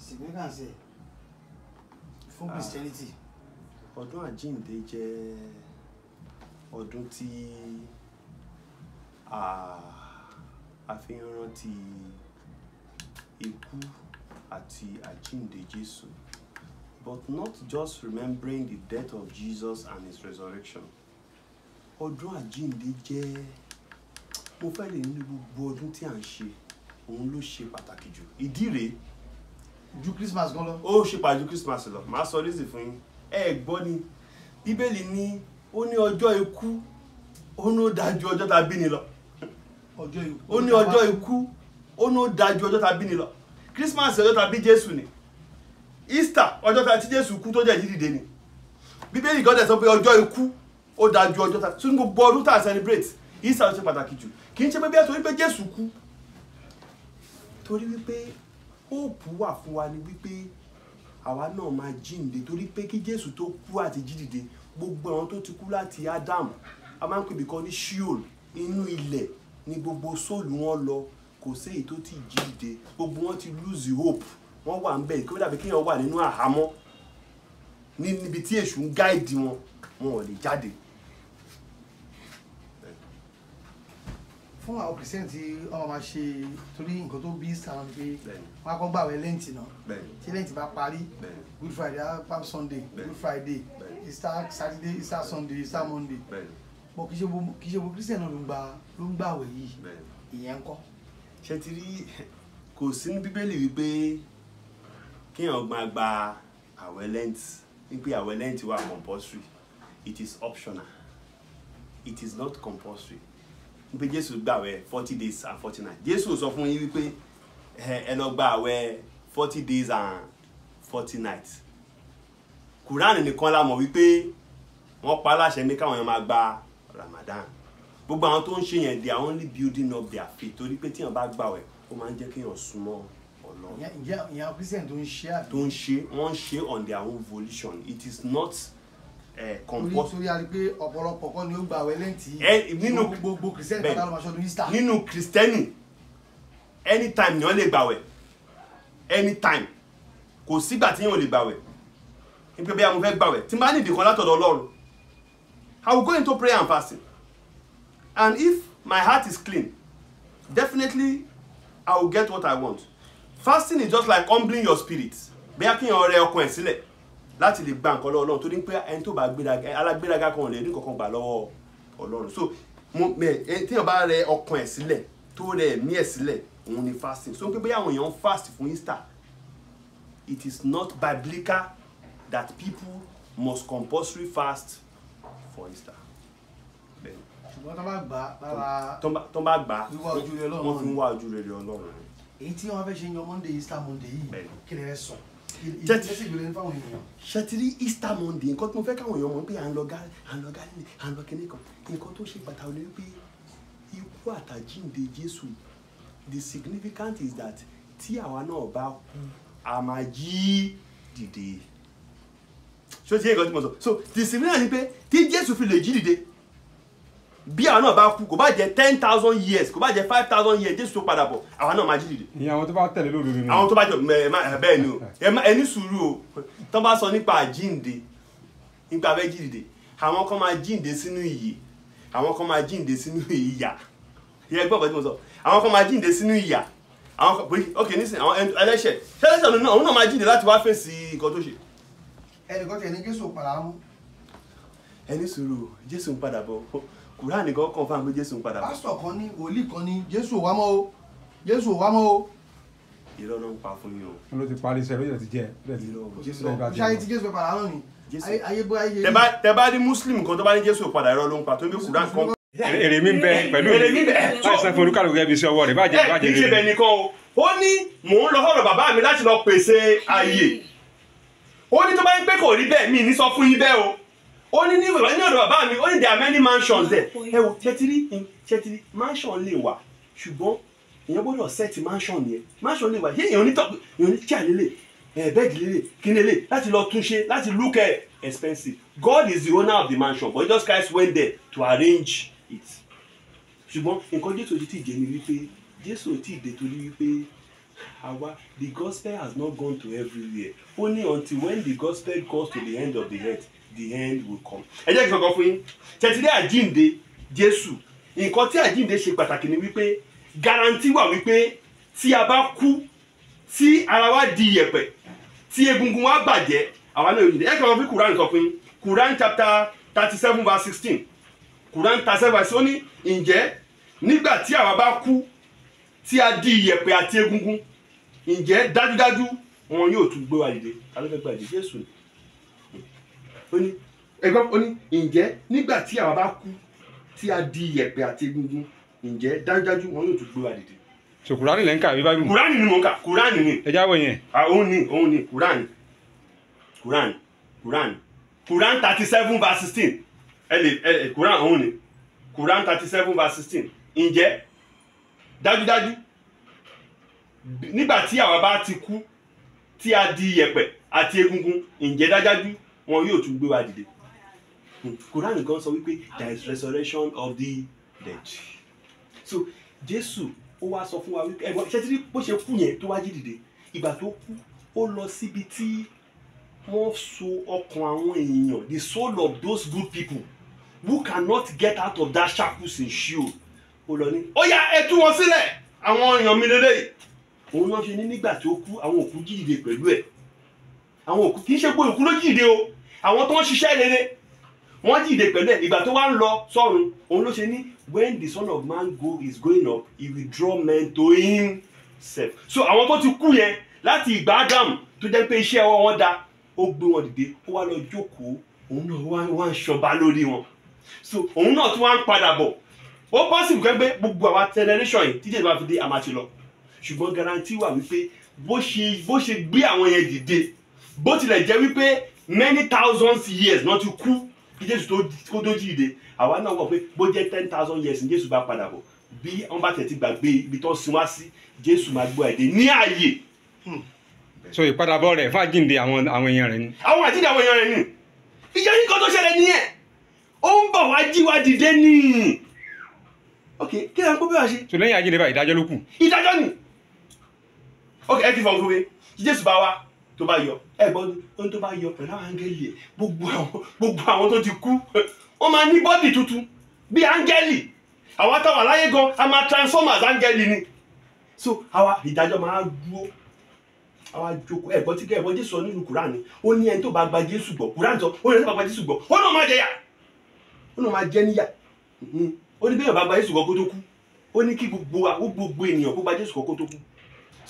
significance ẹ̀ fún ah. christianity. ọdún àjíǹde jẹ́ ọdún tí a fi ikú àti àjíǹde Jésù but not just remembering the death of Jesus and his resurrection ọdún àjíǹde jẹ́ mo fẹ́ lè ní gbogbo ọdún tí à ń ṣe òun ló ṣe pàtàkì jù ìdí rèé ju christmas gan lọ. ó ṣe pàjù christmas lọ màá sọ lẹ́sìn fún yín ẹ gbọ́ ni bíbélì ní ó ní ọjọ́ ikú ó ní ó dájú ọjọ́ tá a bí ni lọ ó ní ọjọ́ ikú ó ní ó dájú ọjọ́ tá a bí ni lọ christmas ọjọ́ tá a bí jésù ni easter ọjọ́ tá a ti jésù kú tó jẹ́ ìdílé ni bíbélì gan dẹ̀ sọ pé ọjọ́ ikú ó dájú ọjọ́ tá a tún gbogbo tá a celebrate easter ló ṣe pàtàkì jù kì í ṣe pé bí ẹ torí pé jésù kú torí wípé hope wà fún wa ni wípé àwa náà máa jíǹde torí pé kí jésù tó kú àti jídìde gbogbo àwọn tó ti kú láti adam a máa ń pè bìkan ní sheol inú ilẹ̀ ni gbogbo sóòlù wọn lọ kò séyìí tó ti jíǹde gbogbo wọn ti lose hope wọn wà ń bẹ̀ kí wọ́n dàbí kéèyàn wà nínú àhámọ́ níbi tí èṣù ń gáìdì wọn wọn ò lè jáde fún àwọn christian tí wọn máa ṣe torí nǹkan tó bí sàrán ni pé wọn á kọ́ gbàwé lẹ́ǹtì náà tí lẹ́ǹtì bá parí good friday palm sunday good friday easter saturday easter sunday easter monday bọ́ kì í ṣe bo kì í ṣe bo christian náà ló ń gba ló ń gbàwé yìí ìyẹn ń kọ́. ṣe ti rí kò sí ní bíbélì wípé kéèyàn máa gba àwẹ̀ lẹ́ǹtì wípé àwẹ̀ lẹ́ǹtì wà compulsory it is optional it is not compulsory wípé jésù gbàwẹ̀ forty days and forty night jésù sọ fún yín wípé ẹ lọ gba àwẹ̀ forty days and forty nights. Quran nìkan la mọ̀ wípé wọ́n pa aláṣẹ ní káwọn yẹn máa gba ramadan gbogbo àwọn tó ń ṣe yẹn they are only building up their faith torí pé tíyàn bá gbàwẹ̀ ó máa ń jẹ́ kéèyàn súnmọ́ ọlọ́run. ìyá ìyá christian tó ń ṣe àbí. tó ń ṣe wọ́n ń ṣe on their own volition it is not kọ̀ǹpọ̀. torí a rí pé ọ̀pọ̀lọpọ̀ kọ́ ni ó gba àwẹ̀ lẹ́ǹtì nínú gbogbo kìrìsìtẹ́nì kátà ló máa ṣọdún Easter. nínú kìrìsìtẹ́nì anytime ni wọ́n lè gbàwẹ̀ anytime kò sígbà tí yẹn ò lè gbàwẹ̀ ní pé bí àwọn gbàwẹ̀ tí n bá nìdí kan látọ̀dọ̀ Ọlọ́run I will go into prayer and fasting and if my heart is clean definitely I will get what I want fasting is just like humbling your spirit bí a kí yẹn ọrẹ ọkàn ẹ̀ sílẹ̀ láti lè gba nǹkan lọ́wọ́ ọlọ́run torí pé ẹni tó bá gbéraga alágbéraga kan ò lè ní kankan gbà lọ́wọ́ ọlọ́run so téèyàn bá rẹ ọkàn ẹ̀ sílẹ̀ tó rẹ ẹ̀mí ẹ̀ sílẹ̀ òun ni fasting so pé bóyá àwọn èèyàn fast fún Easter it is not biblical that people must compulsory fast for Easter. ṣùgbọ́n tó bá gbà lára tó bá gbà wọ́n fi ń wá ojú rere ọlọ́run. èyí tí wọ́n fẹ́ ṣe yan Monday Easter Monday yìí kí lè sùn ṣẹtiri easter monday nǹkan tí mo fẹ́ káwọn èèyàn mọ̀ pé à ń lọ gárí kan nǹkan tó ṣe pàtàkì ni pé ikú àtàjínde jésù the significant is that tí àwa náà bá a máa jí dìde ṣó ti yẹ nǹkan tí mo sọ so the significant ni pé tí jésù fi lè jí dìde bí àwọn náà bá kú kò bá jẹ ten thousand years kò bá jẹ five thousand years jésù tó padà bọ̀ àwọn náà máa jí dìde. ìyẹn àwọn tó bá tẹ̀lé lóru nínú. àwọn tó bá jẹ bẹ́ẹ̀ ni o ẹni sùúrù o tó bá sọ nípa àjínde nípa abẹ́ jí dìde àwọn kan máa jínde sínú ìyè àwọn kan máa jínde sínú ìyà ìyẹn gbọ́ ọ̀bọ̀dé mo sọ àwọn kan máa jínde sínú ìyà àwọn kan pé ok nísìnyí àwọn ẹlẹ́ṣẹ̀ ẹlẹ́ṣẹ̀ náà òun náà máa jínde láti wá fèsì nǹkan tó ṣe. ẹnì kan tẹ̀ ní jésù padà mú. ẹni sùúrù jésù ń padà bọ̀ kùrán nìkan kàn fún àwọn jésù ń padà bọ̀. pásítọ̀ kan ní wòlíì kan ní jésù ò wá mọ́ o jésù ò wá mọ́ o. irọ́ ló ń pa fún yín o. wọn ló ti parí iṣẹ́ lóye ti jẹ ṣáyé tí jésù padà lọ́nà ayé bó ayé. tẹ bá ní muslim kan tó bá ní jésù padà irọ́ ló ń pa tó ní kùrán kan. èrè mi bẹ pẹ̀lú mi láìsàn fún olúkàlùkù gẹ́gẹ́ bí iṣẹ́ ọwọ́ rẹ̀ bá jẹ́ bá jẹ́ rẹ̀. ó ní mò ń lọ sọ́dọ̀ bàbá mi láti lọ pèsè àyè ó ní tó bá ń pẹ́ kò rí bẹ́ẹ̀ mi ní sọ fún yín bẹ́ẹ̀ o ó ní ní ìwà ní ọ̀dọ̀ bàbá mi ó ní there are many mansions there ẹ wo tẹ́tírí tẹ́tírí mansion lè wà ṣùgbọ́n èèyàn gbọ́dọ̀ set mansion yẹn mansion lè wà yé èèyàn onítọ̀ èèyàn oníṣẹ́ àlélẹ̀ bẹ́ẹ̀dì lélẹ̀ kínnílẹ̀ eh, láti lọ túnṣe láti look eh, expensive God is the owner of the mansion but Jesus Christ went there to arrange it ṣùgbọ́n nǹkan Jésù ti jẹ́ ni wípé Jésù ti dé torí wípé àwa the gospel has not gone to everywhere only until when the gospel goes to the end of the earth the end will come. ẹ jẹ́ kí n kankan fún yín tẹ̀sílẹ̀ àjíǹde jésù nǹkan tí àjíǹde ṣe pàtàkì ni wípé garanti wà wípé tí a bá kú tí ara wa di yẹ̀pẹ̀ tí egungun wa bàjẹ́ àwa náà yóò yìnbọn ẹ kàn fi Quran sọ fún yín Quran chapter thirty seven verse sixteen Quran thirty seven verse ó ní ǹjẹ́ nígbà tí àwa bá kú tí a di yẹ̀pẹ̀ àti egungun ǹjẹ́ dájúdájú wọn yóò tún gbé wa dìde alẹ́ fẹ́ gbàdé Jésù ni ó ní ẹgbẹ́ ó ní ǹjẹ́ nígbà tí àwa bá kú tí a di ìyẹ̀pẹ̀ àti egungun ǹjẹ́ dájúdájú wọn yóò tún gbé wa dìde. so kurani lẹ́ ń kà àbí báyìí. kurani ni mò ń kà kurani ni. ẹ jáwọ́ yẹn. Ah, òun ni òun ni kurani kurani kurani kurani thirty seven verse sixteen ẹ lè ẹ kurani òun ni kurani thirty seven verse sixteen ǹjẹ́ dájúdájú nígbà tí àwa bá ti kú tí a di ìyẹ̀pẹ̀ àti egungun ǹjẹ́ dájúdájú wọn yóò tún gbé wa dìde hmm. Quran nìkan sọ wípé there is resurrection of the dead so Jésù ó wá sọ fún wa wípé ẹ̀gbọ́n ṣe tí bó ṣe kú yẹn tó wá jí dìde ìgbà tó kú ó lọ síbi tí wọ́n so ọkàn àwọn èèyàn the soul of those good people who cannot get out of that shackles in shoe ó lọ ní. ó yá ẹ tú wọn sílẹ̀ àwọn èèyàn mi lélẹ́yìí òun náà ṣe ní nígbà tí ó kú àwọn òkú jí dìde pẹ̀lú ẹ̀ àwọn òkú kì í ṣe pé òkú ló jí dìde o àwọn tó ń ṣiṣẹ́ rere wọ́n dìde pẹ̀lú ẹ̀ ìgbà tó wá ń lọ sọ́run òun ló ṣe ní when the son of man go is going up he will draw men to himself so àwọn tó ti kú yẹn láti ìgbà Ádámù tó jẹ́ pé iṣẹ́ ọwọ́ wọn da ó gbé wọn dìde ó wá lọ jókòó òun náà wá ń ṣọba lórí wọn so òun náà tún wá ń padà bọ̀ ó possible kẹ́gbẹ́ gbogbo àwa generation yìí títí ìjọba fi dé àmà ti lọ ṣùgbọ́n guarantee wà wípé bó ṣe bó ṣe gbé àwọn yẹn dìde bó tilẹ̀ jẹ́ wípé many thousands years náà ti kú kí jésù tó tó jíde àwa náà wọ pé bó jẹ́ ten thousand years ni jésù bá padà bọ̀ bí wọ́n bá tẹ̀tí gbàgbé ibi tó sin wá sí jésù máa gbọ́ ẹ̀dẹ̀ ní ààyè. Hmm. so ìpadàbọ̀ rẹ̀ fàjìǹde àwọn àwọn èèyàn rẹ̀ ni. àwọn àjíǹde àwọn èèyàn rẹ̀ ni ìjẹ́ kíkọ́ tó ṣẹlẹ̀ nìyẹn ó ń bọ̀ wá jí wá dìde nìyí. ok kí ló ń kó bí wàá ṣe. so lẹ́yìn àjíǹde bá ìdájọ́ ló kù. ìdájọ́ ni ok ẹ ti fọ̀ nkúwe jésù bá wa tó bá yọ ẹ gbọ́ ohun tó bá yọ pẹ̀lú àwọn áńgẹ́lì ẹ̀ gbogbo àwọn gbogbo àwọn tó ti kú wọ́n máa ní bọ́dì tuntun bíi áńgẹ́lì àwa táwa láyé gan a máa transform as áńgẹ́lì ni so àwa ìdájọ́ máa dúró àwa jókòó ẹ̀gbọ́n tí ẹ̀gbọ́n Jésù sọ nínú Kùránì ó ní ẹni tó bá gba Jésù gbọ́ Kùránì sọ ó ní ẹni tó bá gba Jésù gbọ́ ó náà máa jẹyà ó náà máa jẹ níyà hmm. ó ní bẹ́ẹ̀ bá gba Jésù gbọ́ kó tó kú ó ní kí gbogbo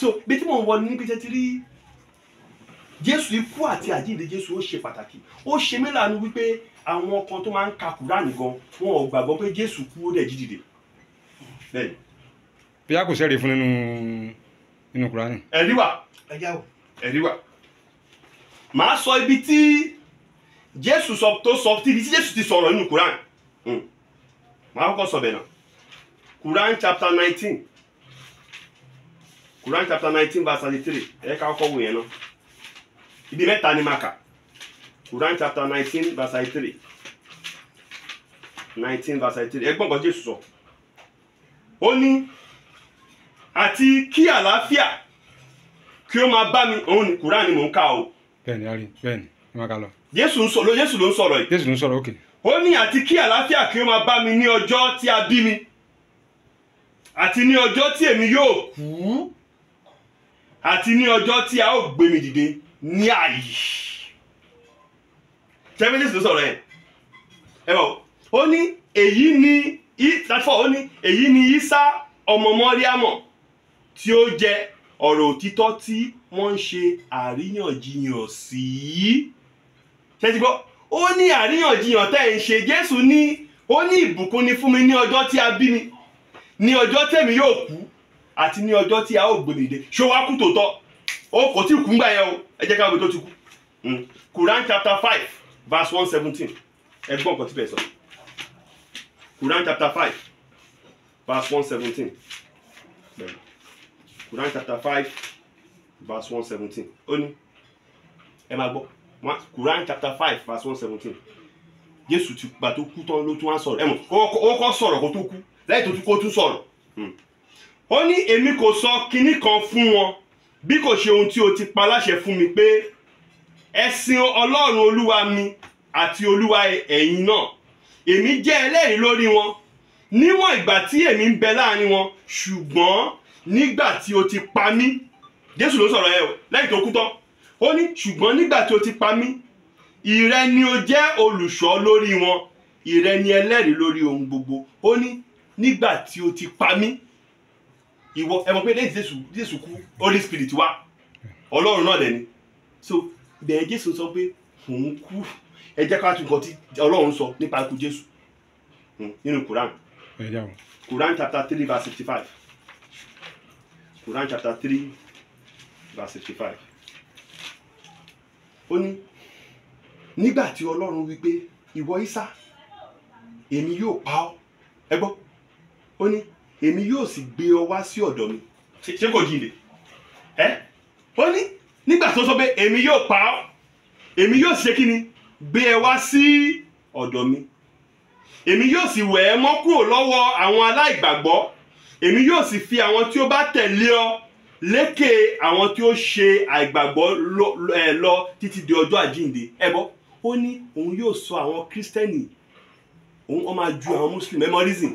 so bí tí mò ń wọ ní jésù ikú àti àjíǹde jésù ó ṣe pàtàkì ó ṣe mí láàánú wípé àwọn kan tó máa ń ka kúránì gan wọn ò gbàgbọ́ pé jésù kú ó dẹ̀ jí dìde bẹ́ẹ̀. bí a kò sẹ́rí fún nínú nínú kúránì. ẹ̀rí wà ẹ̀rí wà màá sọ ibi tí jésù tó sọ ibi tí jésù ti sọ̀rọ̀ nínú kúránì hmm. màá kọ́kọ́ sọ bẹ́ẹ̀ kúránì chapter nineteen kúránì chapter nineteen verse thirty three ẹ̀ka ọkọ̀ wò yẹn náà ibi mẹ́ta ni màkà Quran chapter nineteen verse three nineteen verse three ẹgbọ́n kan Jésù sọ ó ní àti kí àlàáfíà kí ó máa bá mi òun ni Quran ni mò ń kà o. bẹ́ẹ̀ni ari bẹ́ẹ̀ni ẹ máa kà lọ. Jésù ń sọ ló Jésù ló ń sọ̀rọ̀ yìí. Jésù ló ń sọ̀rọ̀ òkè. ó ní àti kí àlàáfíà kí ó máa bá mi ní ọjọ́ tí a bí mi àti ní ọjọ́ tí èmi yóò kú àti ní ọjọ́ tí a ó gbé mi dìde ní ààyè feminist ló sọ̀rọ̀ yẹn ẹ bọ̀ ó ní èyí ni ìtàfọ̀ ó ní èyí ni isa ọmọ mọ́ríàmọ̀ tí ó jẹ ọ̀rọ̀ òtítọ́ tí wọ́n ń ṣe àríyànjiyàn sí ṣe ti gbọ́ ó ní àríyànjiyàn tẹ́ ẹ̀ ń ṣe jésù ní ó ní ìbùkún ni fún mi ní ọjọ́ tí a bí mi ní ọjọ́ tẹ̀mí yóò kú àti ní ọjọ́ tí a ó gbòdìde ṣó wá kú tòótọ́ ó kò tí kú ń gbà yẹn o ẹ jẹ́ ká wo tó ti kú hmm. Quran chapter five verse one seventeen ẹ gbọ́ nǹkan tí bẹ́ẹ̀ sọ Quran chapter five verse one seventeen Quran chapter five verse one seventeen ó ní ẹ máa gbọ́ Quran chapter five verse one seventeen Jésù ti gbà tó kú tán ló tún wá sọ̀rọ̀ ẹ mọ̀ ó kọ́ sọ̀rọ̀ kó tó kú lẹ́yìn tó tún kó tún sọ̀rọ̀ hmm. ó ní èmi kò sọ kinní kan fún wọn bí kò ṣe ohun tí o ti pa láṣẹ fún mi pé ẹ sin ọlọ́run olúwa mi àti olúwa ẹ̀yin náà èmi jẹ́ ẹlẹ́rìí lórí wọn níwọ̀n ìgbà tí èmi ń bẹ láàrin wọn ṣùgbọ́n nígbà tí o ti pa mí jésù ló sọ̀rọ̀ ẹ o lẹ́yìn tó kú tán ó ní ṣùgbọ́n nígbà tí o ti pa mí ìrẹ ni o jẹ́ olùṣọ́ lórí wọn ìrẹ ni ẹlẹ́rìí lórí ohun gbogbo ó ní nígbà tí o ti pa mí ìwọ ẹ mọ̀ pé lẹ́yìn jésù jésù kú holy spirit wá ọlọ́run náà dẹ̀ ni so bẹ́ẹ̀ jésù sọ pé òun kú ẹ jẹ́ ká tún nǹkan tí ọlọ́run sọ nípa ikú jésù hmm, nínú quran quran chapter three verse sixty five quran chapter three verse sixty five ó ní nígbà tí ọlọ́run wí pé ìwọ isa èmi yóò pa ọ́ ẹ gbọ́ ó ní èmi yóò sì gbé ọ wá sí ọ̀dọ̀ mi. ṣé kò jíǹde ẹ ó ní nígbà tó sọ pé èmi yóò pa ọ èmi yóò ṣe kí ni gbé ẹ wá sí ọ̀dọ̀ mi èmi yóò sì wẹ̀ ẹ́ mọ́ kúrò lọ́wọ́ àwọn aláìgbàgbọ́ èmi yóò sì fi àwọn tí ó bá tẹ̀lé ọ lékè àwọn tí ó ṣe àìgbàgbọ́ lọ títí di ọjọ́ àjíǹde ẹ bọ́ ó ní òun yóò sọ àwọn kírísítẹ́nì òun ó máa ju àwọn muslim memorism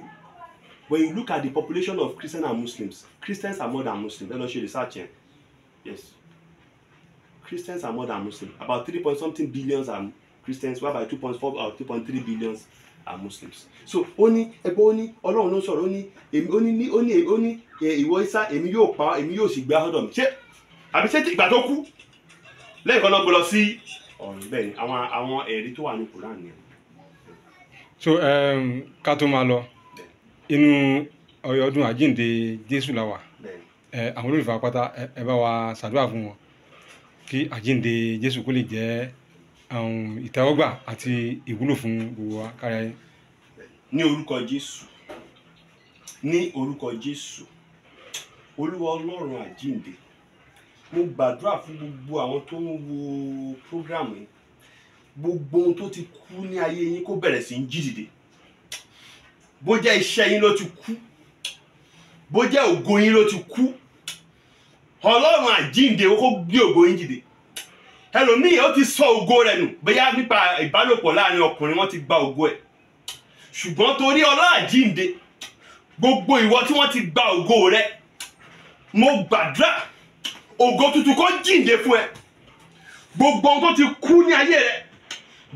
when you look at the population of christians and muslims christians are more than muslims Let ẹ lọ ṣe research yẹn yes christians are more than muslims about three point something billions are christians while by two point four or uh, two point three billions are muslims so ó ní ẹgbẹ́ ó ní ọlọ́run ló sọ̀rọ̀ ó ní èmi ó ní ó ní ó ní ìwọ isa èmi yóò pa èmi yóò sì gbé ahọ́dọ̀ mi ṣé àbí ṣé ìgbà tó kú lẹ́yìn kan náà gbọ́ lọ sí ọ̀run bẹ́ẹ̀ ni àwọn àwọn ẹ̀rí tó wà ní kùrán ni. so um, ká tó máa lọ inú ọdún àjíǹde jésù la wà ẹ àwọn olólùfẹ́ apáta ẹ bá wa ṣàdúrà fún wọn kí àjíǹde jésù kó lè jẹ́ um, ìtẹ́wọ́gbà àti ìwúlò fún gbogbo wa kárí ayé. ní orúkọ jésù ní orúkọ jésù olúwa ọlọ́run àjíǹde mo gbàdúrà fún gbogbo àwọn tó ń wo program yìí gbogbo ohun tó ti kú ní ayé yín kó bẹ̀rẹ̀ sí í jí dìde bó jẹ́ iṣẹ́ yín ló ti kú bó ògo yín ló ti kú ọlọ́run àjíǹde ó kó gbé ògo yín jìde ẹlòmíì ó ti sọ ògo rẹ̀ nù bóyá nípa ìbálòpọ̀ láàrin ọkùnrin wọ́n ti gba ògo ẹ̀ ṣùgbọ́n torí ọlọ́run gbogbo ìwọ tí wọ́n ti gba ògo rẹ̀ mo gbàdúrà ògo tuntun kó jíǹde fún ẹ gbogbo ohun tó ti kú ní ayé rẹ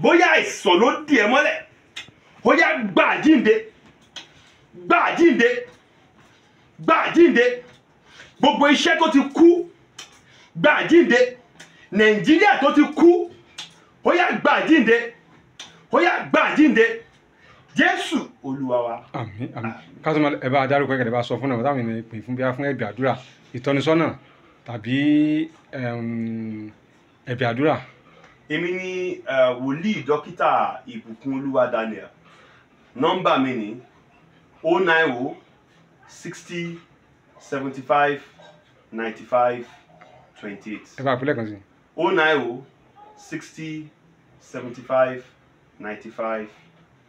bóyá àìsàn ló dì ẹ́ mọ́lẹ̀ bóyá gbàjíǹde gbà àjínde gbà àjínde gbogbo iṣẹ́ tó ti kú gbà àjínde nàìjíríà tó ti kú ó yá gbà àjínde ó yá gbà àjínde jésù olúwa wa. àmín àmín kásìmọ ẹ bá dárúkọ ẹgẹdẹ bá sọ fún ọmọ táwọn ènìyàn pè fún bíyà fún ẹbí àdúrà ìtọ́nisọ́nà tàbí ẹbí àdúrà. èmi ni wòlíì dókítà ìbùkún olúwa daniel nọ́mbà mi ni 090 60 75 95 28. ẹ 090 60 75 95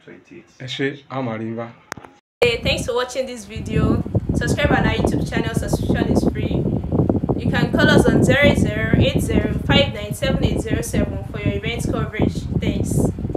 28. Hey, thanks for watching this video. Subscribe on our YouTube channel. Subscription is free. You can call us on 0080 for your event coverage. Thanks.